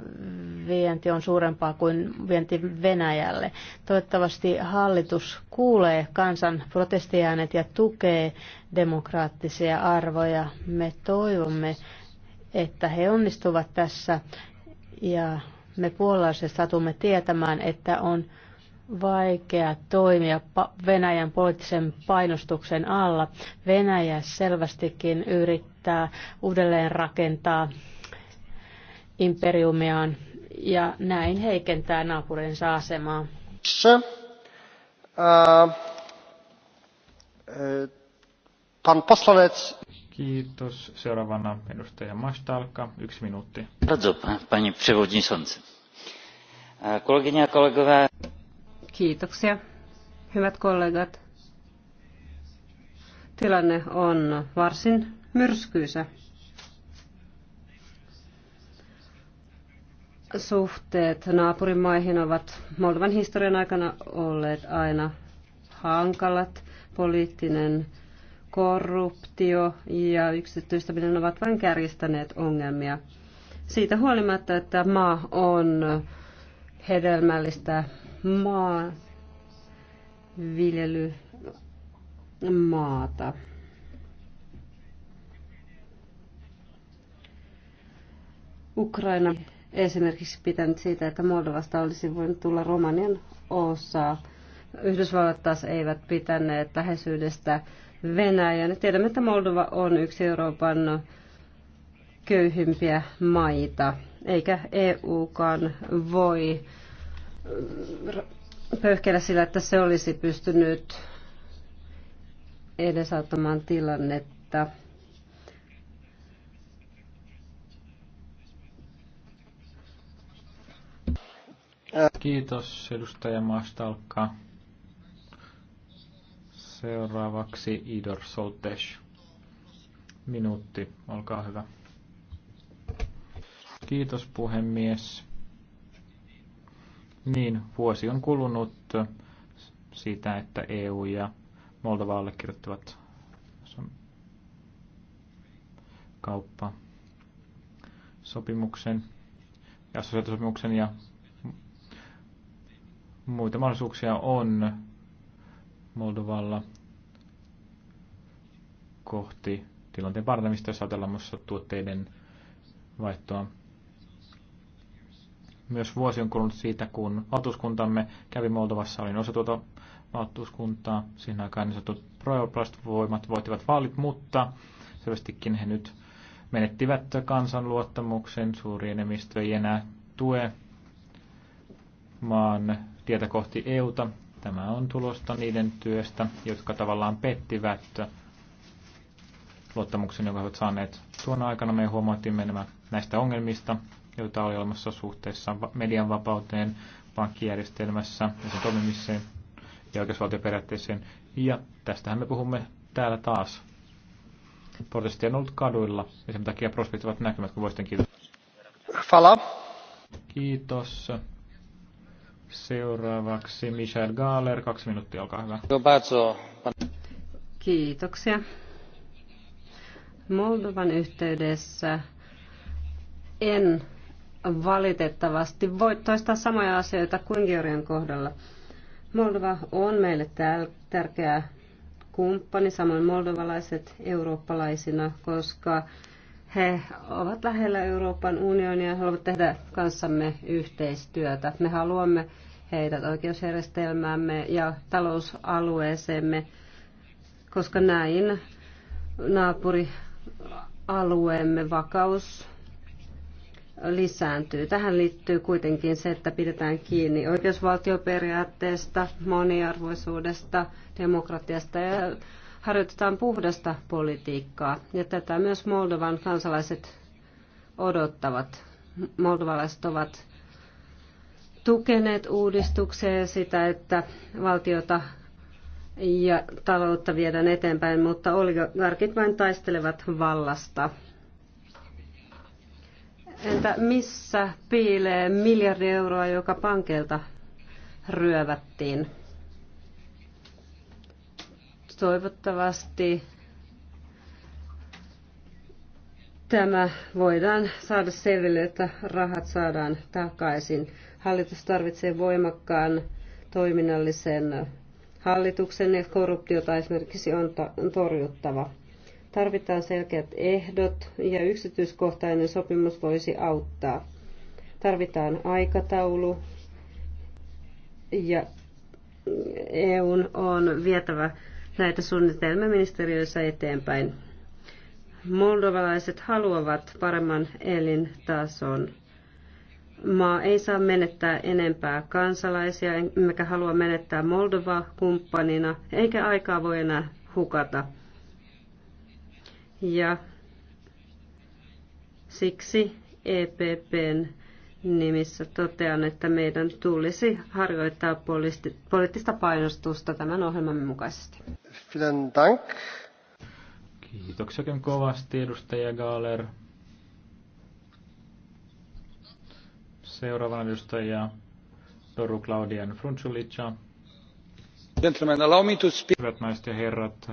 vienti on suurempaa kuin vienti Venäjälle. Toivottavasti hallitus kuulee kansan protestiäänet ja tukee demokraattisia arvoja. Me toivomme, että he onnistuvat tässä ja me puolalaiset satumme tietämään, että on vaikea toimia Venäjän poliittisen painostuksen alla. Venäjä selvästikin yrittää uudelleen rakentaa imperiumiaan ja näin heikentää naapurinsa asemaa. Uh, uh, pan poslanec. Kiitos. Seuraavana edustaja Mastalka. Yksi minuutti. Bardzo, pani przewodniczący. Kolegini ja kolegowie. Kiitoksia. Hyvät kollegat, tilanne on varsin myrskyisä. Suhteet naapurimaihin ovat Moldovan historian aikana olleet aina hankalat. Poliittinen korruptio ja yksityistäminen ovat vain kärjistäneet ongelmia. Siitä huolimatta, että maa on hedelmällistä maa Maata Ukraina esimerkiksi pitänyt siitä, että Moldovasta olisi voinut tulla Romanian osa. Yhdysvallat taas eivät pitäneet läheisyydestä Venäjän. Tiedämme, että Moldova on yksi Euroopan köyhimpiä maita, eikä EUkaan voi pöyhkeillä sillä, että se olisi pystynyt edesauttamaan tilannetta. Kiitos edustaja Mastalka. Seuraavaksi Idor Soltes. Minuutti, olkaa hyvä. Kiitos puhemies. Niin, vuosi on kulunut siitä, että EU ja Moldova allekirjoittavat kauppa sopimuksen ja sosiaalisopimuksen ja muita mahdollisuuksia on Moldovalla kohti tilanteen parantamista, jos ajatellaan tuotteiden vaihtoa myös vuosi on kulunut siitä, kun valtuuskuntamme kävi Moldovassa, olin osa tuota valtuuskuntaa. Siinä aikaan niin sanotut voimat voittivat vaalit, mutta selvästikin he nyt menettivät kansan luottamuksen. Suuri enemmistö ei enää tue maan tietä kohti EUta. Tämä on tulosta niiden työstä, jotka tavallaan pettivät luottamuksen, jonka he ovat saaneet tuona aikana. Me huomaattiin nämä näistä ongelmista, joita oli olemassa suhteessa median vapauteen, pankkijärjestelmässä ja sen toimimiseen ja oikeusvaltioperiaatteeseen. Ja tästähän me puhumme täällä taas. Protesteja on ollut kaduilla ja sen takia prospektivat näkymät, kun voisitte kiitos. Fala. Kiitos. Seuraavaksi Michel Gaaler, kaksi minuuttia, olkaa hyvä. Kiitoksia. Moldovan yhteydessä en valitettavasti voi toistaa samoja asioita kuin Georgian kohdalla. Moldova on meille tärkeä kumppani, samoin moldovalaiset eurooppalaisina, koska he ovat lähellä Euroopan unionia ja haluavat tehdä kanssamme yhteistyötä. Me haluamme heidät oikeusjärjestelmäämme ja talousalueeseemme, koska näin naapurialueemme vakaus lisääntyy. Tähän liittyy kuitenkin se, että pidetään kiinni oikeusvaltioperiaatteesta, moniarvoisuudesta, demokratiasta ja harjoitetaan puhdasta politiikkaa. Ja tätä myös Moldovan kansalaiset odottavat. Moldovalaiset ovat tukeneet uudistukseen sitä, että valtiota ja taloutta viedään eteenpäin, mutta oligarkit vain taistelevat vallasta. Entä missä piilee miljardi euroa, joka pankeilta ryövättiin? Toivottavasti tämä voidaan saada selville, että rahat saadaan takaisin. Hallitus tarvitsee voimakkaan toiminnallisen hallituksen ja korruptiota esimerkiksi on torjuttava. Tarvitaan selkeät ehdot ja yksityiskohtainen sopimus voisi auttaa. Tarvitaan aikataulu ja EU on vietävä näitä suunnitelmia ministeriöissä eteenpäin. Moldovalaiset haluavat paremman elintason. Maa ei saa menettää enempää kansalaisia, emmekä halua menettää Moldovaa kumppanina, eikä aikaa voi enää hukata. Ja siksi EPPn nimissä totean, että meidän tulisi harjoittaa poliittista painostusta tämän ohjelman mukaisesti. dank. Kiitoksia kovasti, edustaja Gaaler. Seuraavana edustaja Doru Claudian Frunzulica. Gentlemen, allow me to speak. Hyvät naiset ja herrat,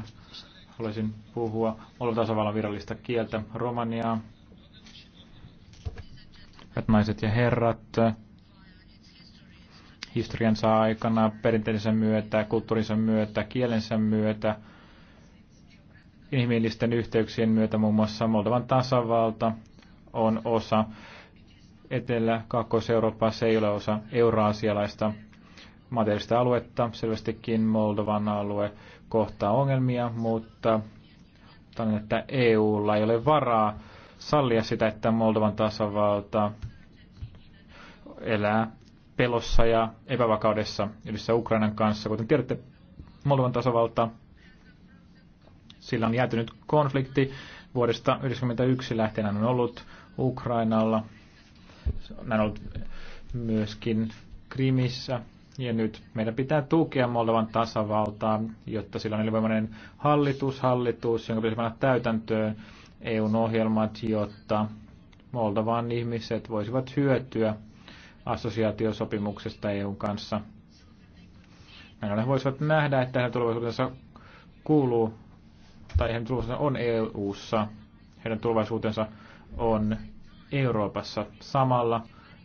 Haluaisin puhua Moldovan virallista kieltä romaniaa. Hyvät naiset ja herrat, historiansa aikana, perinteensä myötä, kulttuurinsa myötä, kielensä myötä, inhimillisten yhteyksien myötä muun muassa Moldovan tasavalta on osa Etelä-Kaakkois-Eurooppaa, se ei ole osa euroasialaista materiaalista aluetta. Selvästikin Moldovan alue kohtaa ongelmia, mutta tämän, että EUlla ei ole varaa sallia sitä, että Moldovan tasavalta elää pelossa ja epävakaudessa yhdessä Ukrainan kanssa. Kuten tiedätte, Moldovan tasavalta, sillä on jäätynyt konflikti vuodesta 1991 lähtien on ollut Ukrainalla. Näin on ollut myöskin Krimissä ja nyt meidän pitää tukea Moldovan tasavaltaa, jotta sillä on elinvoimainen hallitus, hallitus, jonka pitäisi mennä täytäntöön EUn ohjelmat, jotta Moldovan ihmiset voisivat hyötyä assosiaatiosopimuksesta EUn kanssa. Näin ollen voisivat nähdä, että heidän tulevaisuutensa kuuluu, tai heidän tulevaisuutensa on EUssa, heidän tulevaisuutensa on Euroopassa. Samalla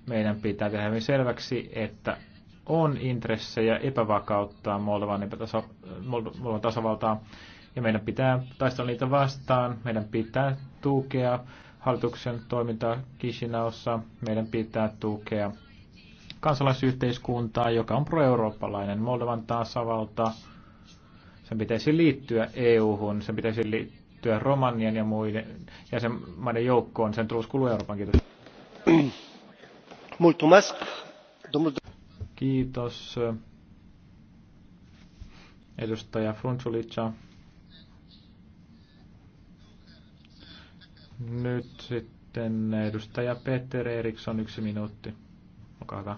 meidän pitää tehdä hyvin selväksi, että on intressejä epävakauttaa Moldovan, epätasa, Moldovan tasavaltaa ja meidän pitää taistella niitä vastaan. Meidän pitää tukea hallituksen toimintaa Kishinaossa. Meidän pitää tukea kansalaisyhteiskuntaa, joka on pro-eurooppalainen. Moldovan tasavalta, sen pitäisi liittyä EU-hun, sen pitäisi liittyä Romanian ja muiden jäsenmaiden joukkoon. Sen tulisi kuulua Euroopan. Kiitos. Mulțumesc. Domnul Kiitos edustaja Frunzulica. Nyt sitten edustaja Peter Eriksson, yksi minuutti. Olkaa hyvä.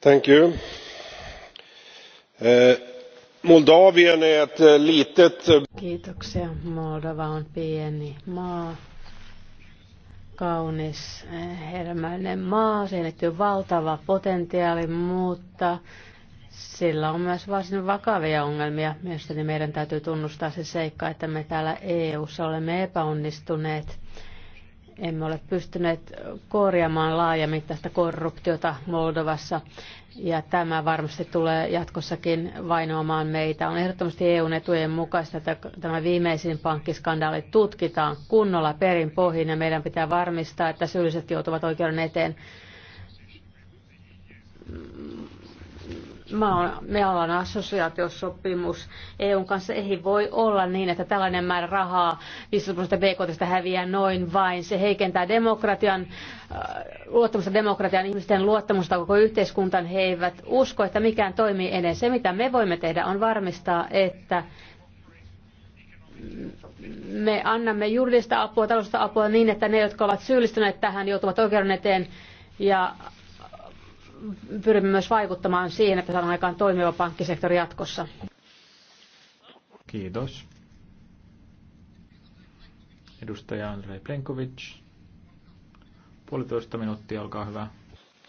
Thank you. Eh, Moldavien är ett litet... Kiitoksia. Moldova on pieni maa kaunis hermäinen maa, siihen liittyy valtava potentiaali, mutta sillä on myös varsin vakavia ongelmia. Mielestäni meidän täytyy tunnustaa se seikka, että me täällä EU:ssa olemme epäonnistuneet emme ole pystyneet korjaamaan laajamittaista korruptiota Moldovassa. Ja tämä varmasti tulee jatkossakin vainoamaan meitä. On ehdottomasti EUn etujen mukaista, että tämä viimeisin pankkiskandaali tutkitaan kunnolla perin pohjin ja meidän pitää varmistaa, että syylliset joutuvat oikeuden eteen meillä on assosiaatiosopimus EUn kanssa. Ei voi olla niin, että tällainen määrä rahaa, 15 BKT häviää noin vain. Se heikentää demokratian, äh, luottamusta demokratian, ihmisten luottamusta koko yhteiskuntaan. He eivät usko, että mikään toimii edes. Se, mitä me voimme tehdä, on varmistaa, että me annamme juridista apua, taloudellista apua niin, että ne, jotka ovat syyllistyneet tähän, joutuvat oikeuden eteen ja pyrimme myös vaikuttamaan siihen, että saadaan aikaan toimiva pankkisektori jatkossa. Kiitos. Edustaja Andrei Plenkovic. Puolitoista minuuttia, olkaa hyvä.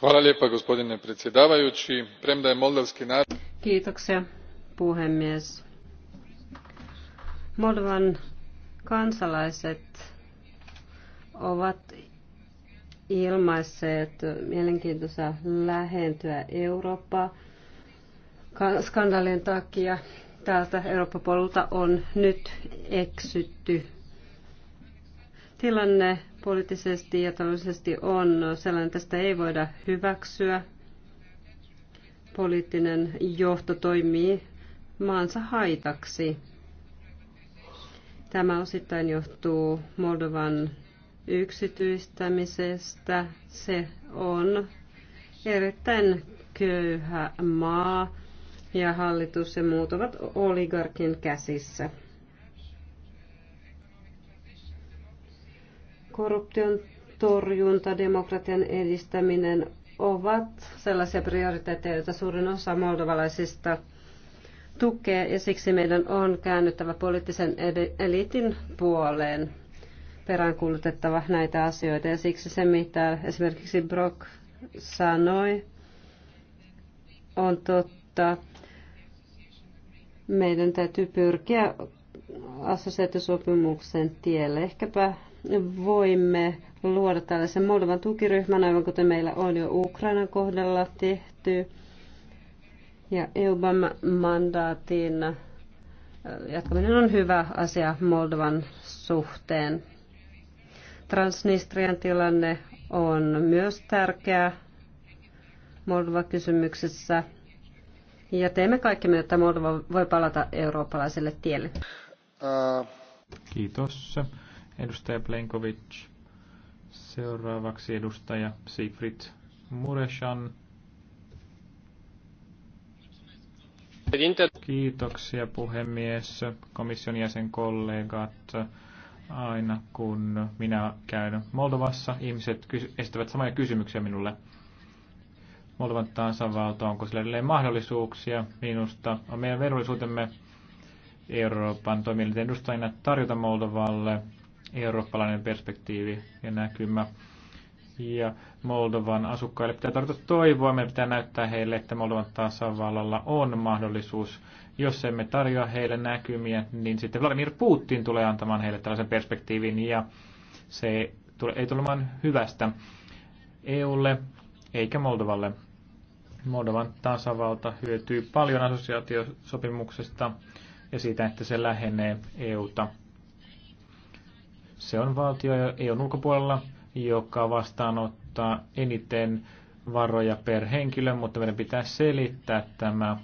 Hvala lijepa, gospodine predsjedavajući. Premda je moldavski narod... Kiitoksia, puhemies. Moldovan kansalaiset ovat ilmaisseet mielenkiintoista lähentyä Eurooppaa skandaalien takia. Täältä Eurooppa-polulta on nyt eksytty. Tilanne poliittisesti ja taloudellisesti on sellainen, että tästä ei voida hyväksyä. Poliittinen johto toimii maansa haitaksi. Tämä osittain johtuu Moldovan yksityistämisestä. Se on erittäin köyhä maa ja hallitus ja muut ovat oligarkin käsissä. Korruption torjunta, demokratian edistäminen ovat sellaisia prioriteetteja, joita suurin osa moldovalaisista tukee ja siksi meidän on käännyttävä poliittisen eliitin puoleen peräänkuulutettava näitä asioita. Ja siksi se, mitä esimerkiksi Brock sanoi, on totta. Meidän täytyy pyrkiä assosiaatiosopimuksen tielle. Ehkäpä voimme luoda tällaisen Moldovan tukiryhmän, aivan kuten meillä on jo Ukrainan kohdalla tehty. Ja EUBAN mandaatin jatkaminen on hyvä asia Moldovan suhteen. Transnistrian tilanne on myös tärkeä Moldova-kysymyksessä. Ja teemme kaikkemme, että Moldova voi palata eurooppalaiselle tielle. Kiitos. Edustaja Plenkovic. Seuraavaksi edustaja Siegfried Mureshan. Kiitoksia puhemies, komission jäsenkollegat. Aina kun minä käyn Moldovassa, ihmiset estävät samoja kysymyksiä minulle. Moldovan tasavalta, onko sillä edelleen mahdollisuuksia minusta. On meidän verollisuutemme Euroopan toimielinten edustajina tarjota Moldovalle eurooppalainen perspektiivi ja näkymä ja Moldovan asukkaille pitää tarjota toivoa. Meidän pitää näyttää heille, että Moldovan tasavallalla on mahdollisuus. Jos emme tarjoa heille näkymiä, niin sitten Vladimir Putin tulee antamaan heille tällaisen perspektiivin ja se ei tule olemaan hyvästä EUlle eikä Moldovalle. Moldovan tasavalta hyötyy paljon assosiaatiosopimuksesta ja siitä, että se lähenee EUta. Se on valtio EUn ulkopuolella, joka vastaanottaa eniten varoja per henkilö, mutta meidän pitää selittää tämä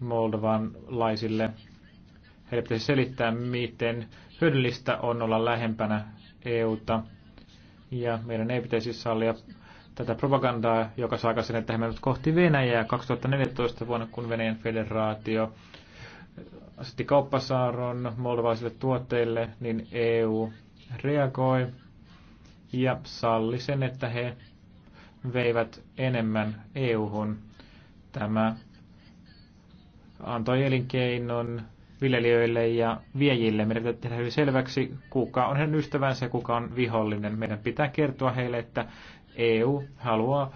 Moldovanlaisille. Heidän pitäisi selittää, miten hyödyllistä on olla lähempänä EUta. Ja meidän ei pitäisi sallia tätä propagandaa, joka saa sen, että he kohti Venäjää 2014 vuonna, kun Venäjän federaatio asetti kauppasaaron moldovaisille tuotteille, niin EU reagoi ja salli sen, että he veivät enemmän EU-hun. Tämä antoi elinkeinon viljelijöille ja viejille. Meidän pitää tehdä hyvin selväksi, kuka on heidän ystävänsä ja kuka on vihollinen. Meidän pitää kertoa heille, että EU haluaa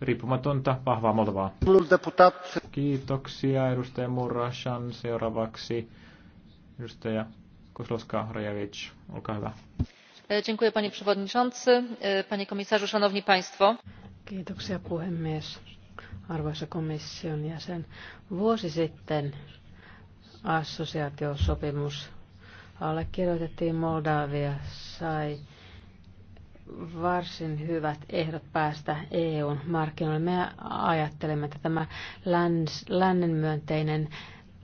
riippumatonta, vahvaa Moldovaa. Kiitoksia edustaja Murashan. Seuraavaksi edustaja Koslovska Rajavic, olkaa hyvä. E, panie przewodniczący! E, panie komisarzu! szanowni państwo! kiitoksia puhemies arvoisa komission jäsen vuosi sitten assosiaatiosopimus allekirjoitettiin moldavia sai varsin hyvät ehdot päästä EUn markkinoille. Me ajattelemme, että tämä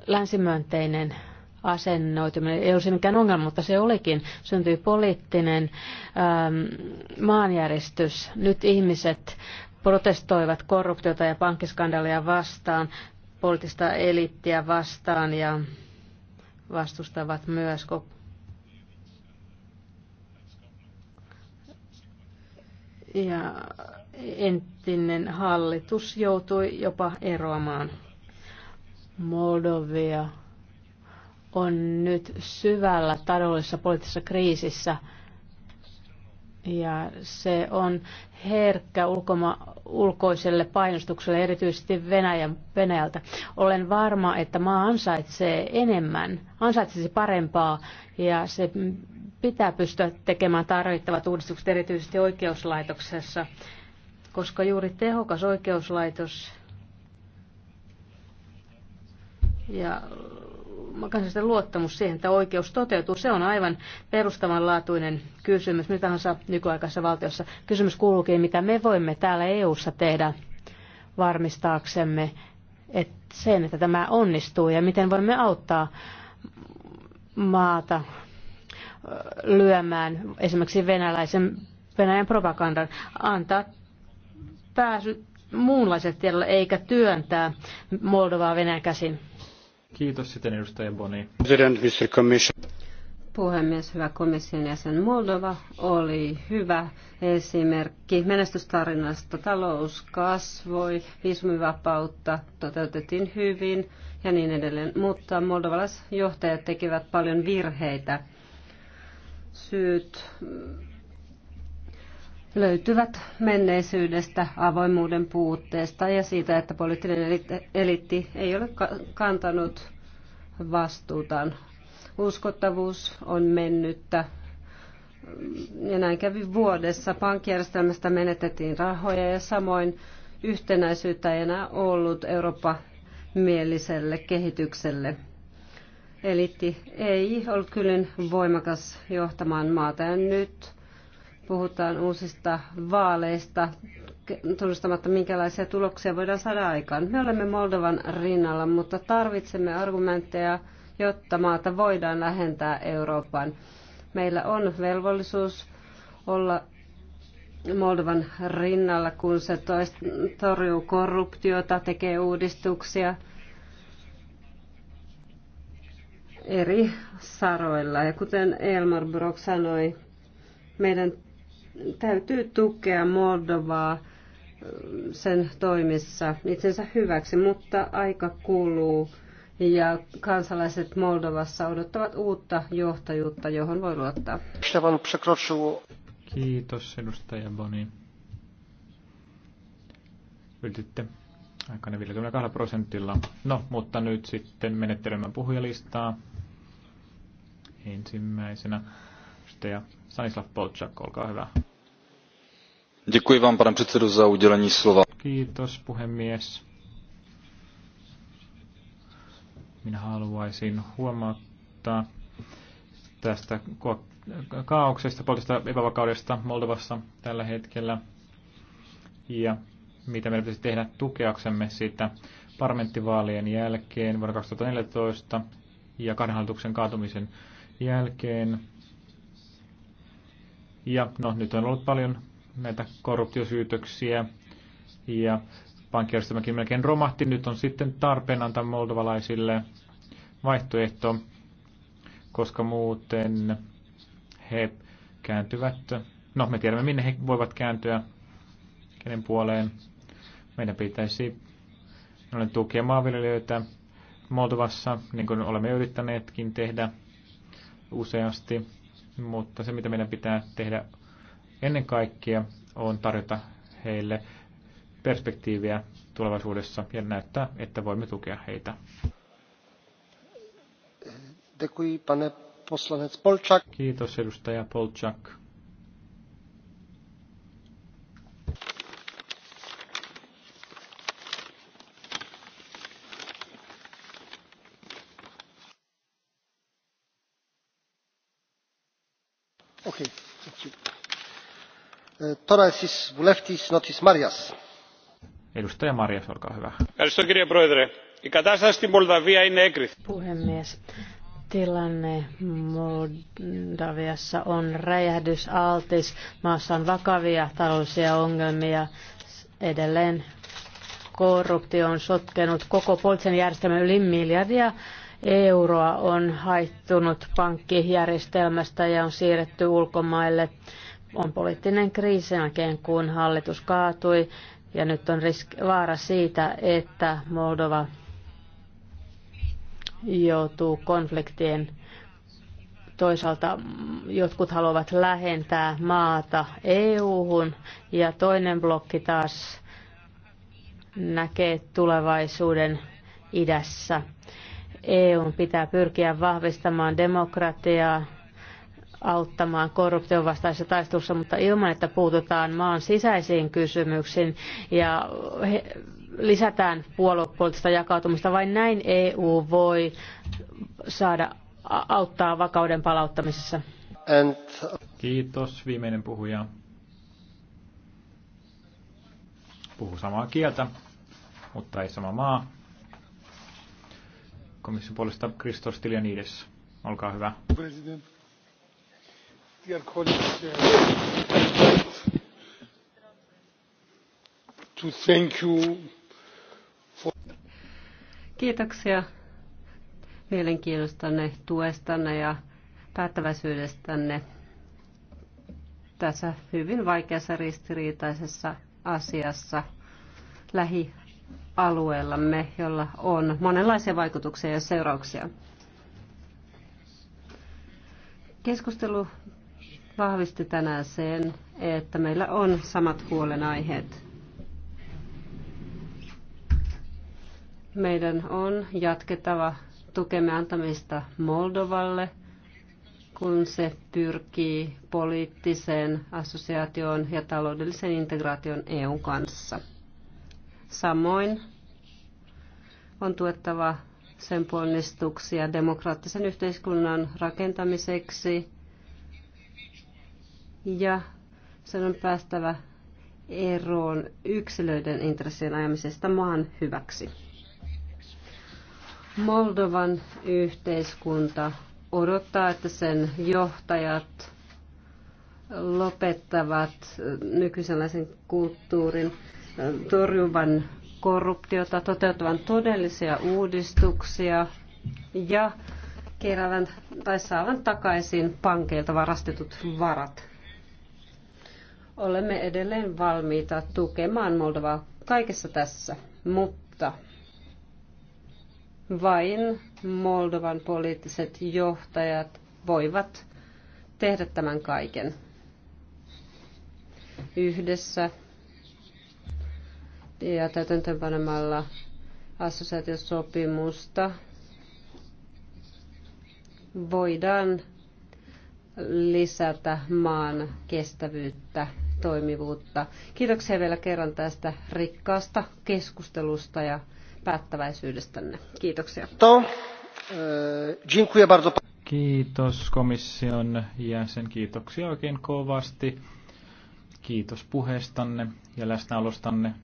länsimyönteinen asennoituminen ei olisi mikään ongelma, mutta se olikin. Syntyi poliittinen ähm, maanjäristys. Nyt ihmiset protestoivat korruptiota ja pankkiskandalia vastaan, poliittista eliittiä vastaan ja vastustavat myös ja entinen hallitus joutui jopa eroamaan Moldovia on nyt syvällä taloudellisessa poliittisessa kriisissä ja se on herkkä ulkoma, ulkoiselle painostukselle, erityisesti Venäjän, Venäjältä. Olen varma, että maa ansaitsee enemmän, ansaitsisi parempaa ja se pitää pystyä tekemään tarvittavat uudistukset erityisesti oikeuslaitoksessa, koska juuri tehokas oikeuslaitos ja kansallisten luottamus siihen, että oikeus toteutuu, se on aivan perustavanlaatuinen kysymys mitä tahansa nykyaikaisessa valtiossa. Kysymys kuuluukin, mitä me voimme täällä EU-ssa tehdä varmistaaksemme että sen, että tämä onnistuu ja miten voimme auttaa maata lyömään esimerkiksi venäläisen, Venäjän propagandan, antaa pääsy muunlaiselle tiedolle eikä työntää Moldovaa Venäjän käsin. Kiitos sitten edustaja Boni. Puhemies, hyvä komission jäsen. Moldova oli hyvä esimerkki menestystarinasta. Talous kasvoi, viisumivapautta toteutettiin hyvin ja niin edelleen. Mutta moldovalaiset johtajat tekivät paljon virheitä. Syyt löytyvät menneisyydestä, avoimuuden puutteesta ja siitä, että poliittinen elitti ei ole kantanut vastuutaan. Uskottavuus on mennyttä. Ja näin kävi vuodessa. Pankkijärjestelmästä menetettiin rahoja ja samoin yhtenäisyyttä ei enää ollut Eurooppa-mieliselle kehitykselle. Elitti ei ollut kyllin voimakas johtamaan maata ja nyt puhutaan uusista vaaleista tunnustamatta, minkälaisia tuloksia voidaan saada aikaan. Me olemme Moldovan rinnalla, mutta tarvitsemme argumentteja, jotta maata voidaan lähentää Euroopan. Meillä on velvollisuus olla Moldovan rinnalla, kun se torjuu korruptiota, tekee uudistuksia eri saroilla. Ja kuten Elmar Brock sanoi, meidän täytyy tukea Moldovaa sen toimissa itsensä hyväksi, mutta aika kuluu ja kansalaiset Moldovassa odottavat uutta johtajuutta, johon voi luottaa. Kiitos edustaja Boni. Yltitte aikana 52 prosentilla. No, mutta nyt sitten menettelemään puhujalistaa. Ensimmäisenä edustaja Stanislav Polčak, olkaa hyvä. Děkuji vám, pane předsedo, za udělení slova. Kiitos, puhemies. Minä haluaisin huomauttaa tästä kaauksesta, poliittisesta epävakaudesta Moldovassa tällä hetkellä ja mitä meidän pitäisi tehdä tukeaksemme siitä parlamenttivaalien jälkeen vuonna 2014 ja kahden hallituksen kaatumisen jälkeen ja no, nyt on ollut paljon näitä korruptiosyytöksiä ja pankkijärjestelmäkin melkein romahti. Nyt on sitten tarpeen antaa moldovalaisille vaihtoehto, koska muuten he kääntyvät, no me tiedämme minne he voivat kääntyä, kenen puoleen. Meidän pitäisi noiden tukea maanviljelijöitä Moldovassa, niin kuin olemme yrittäneetkin tehdä useasti mutta se mitä meidän pitää tehdä ennen kaikkea on tarjota heille perspektiiviä tulevaisuudessa ja näyttää, että voimme tukea heitä. Kiitos edustaja Polchak. Edustaja Puhemies, tilanne Moldaviassa on räjähdysaltis. Maassa on vakavia taloudellisia ongelmia. Edelleen korruptio on sotkenut koko poliittisen järjestelmän yli miljardia euroa on haittunut pankkijärjestelmästä ja on siirretty ulkomaille on poliittinen kriisi jälkeen, kun hallitus kaatui ja nyt on risk, vaara siitä, että Moldova joutuu konfliktien toisaalta jotkut haluavat lähentää maata EU-hun ja toinen blokki taas näkee tulevaisuuden idässä. EUn pitää pyrkiä vahvistamaan demokratiaa auttamaan korruption vastaisessa taistelussa, mutta ilman, että puututaan maan sisäisiin kysymyksiin ja he, lisätään puoluepoliittista jakautumista. Vain näin EU voi saada auttaa vakauden palauttamisessa. Kiitos, viimeinen puhuja. Puhuu samaa kieltä, mutta ei sama maa. Komission puolesta Kristos Tiljanides, olkaa hyvä. President. Uh, Kiitoksia mielenkiinnostanne, tuestanne ja päättäväisyydestänne tässä hyvin vaikeassa ristiriitaisessa asiassa lähialueellamme, jolla on monenlaisia vaikutuksia ja seurauksia. Keskustelu vahvisti tänään sen, että meillä on samat huolenaiheet. Meidän on jatkettava tukemme antamista Moldovalle, kun se pyrkii poliittiseen assosiaatioon ja taloudellisen integraation EUn kanssa. Samoin on tuettava sen ponnistuksia demokraattisen yhteiskunnan rakentamiseksi ja sen on päästävä eroon yksilöiden intressien ajamisesta maan hyväksi. Moldovan yhteiskunta odottaa, että sen johtajat lopettavat nykyisenlaisen kulttuurin torjuvan korruptiota, toteuttavan todellisia uudistuksia ja keräävän tai saavan takaisin pankeilta varastetut varat. Olemme edelleen valmiita tukemaan Moldovaa kaikessa tässä, mutta vain Moldovan poliittiset johtajat voivat tehdä tämän kaiken yhdessä ja täytäntöönpanemalla assosiaatiosopimusta voidaan lisätä maan kestävyyttä toimivuutta. Kiitoksia vielä kerran tästä rikkaasta keskustelusta ja päättäväisyydestänne. Kiitoksia. E, Kiitos komission jäsen, kiitoksia oikein kovasti. Kiitos puheestanne ja läsnäolostanne.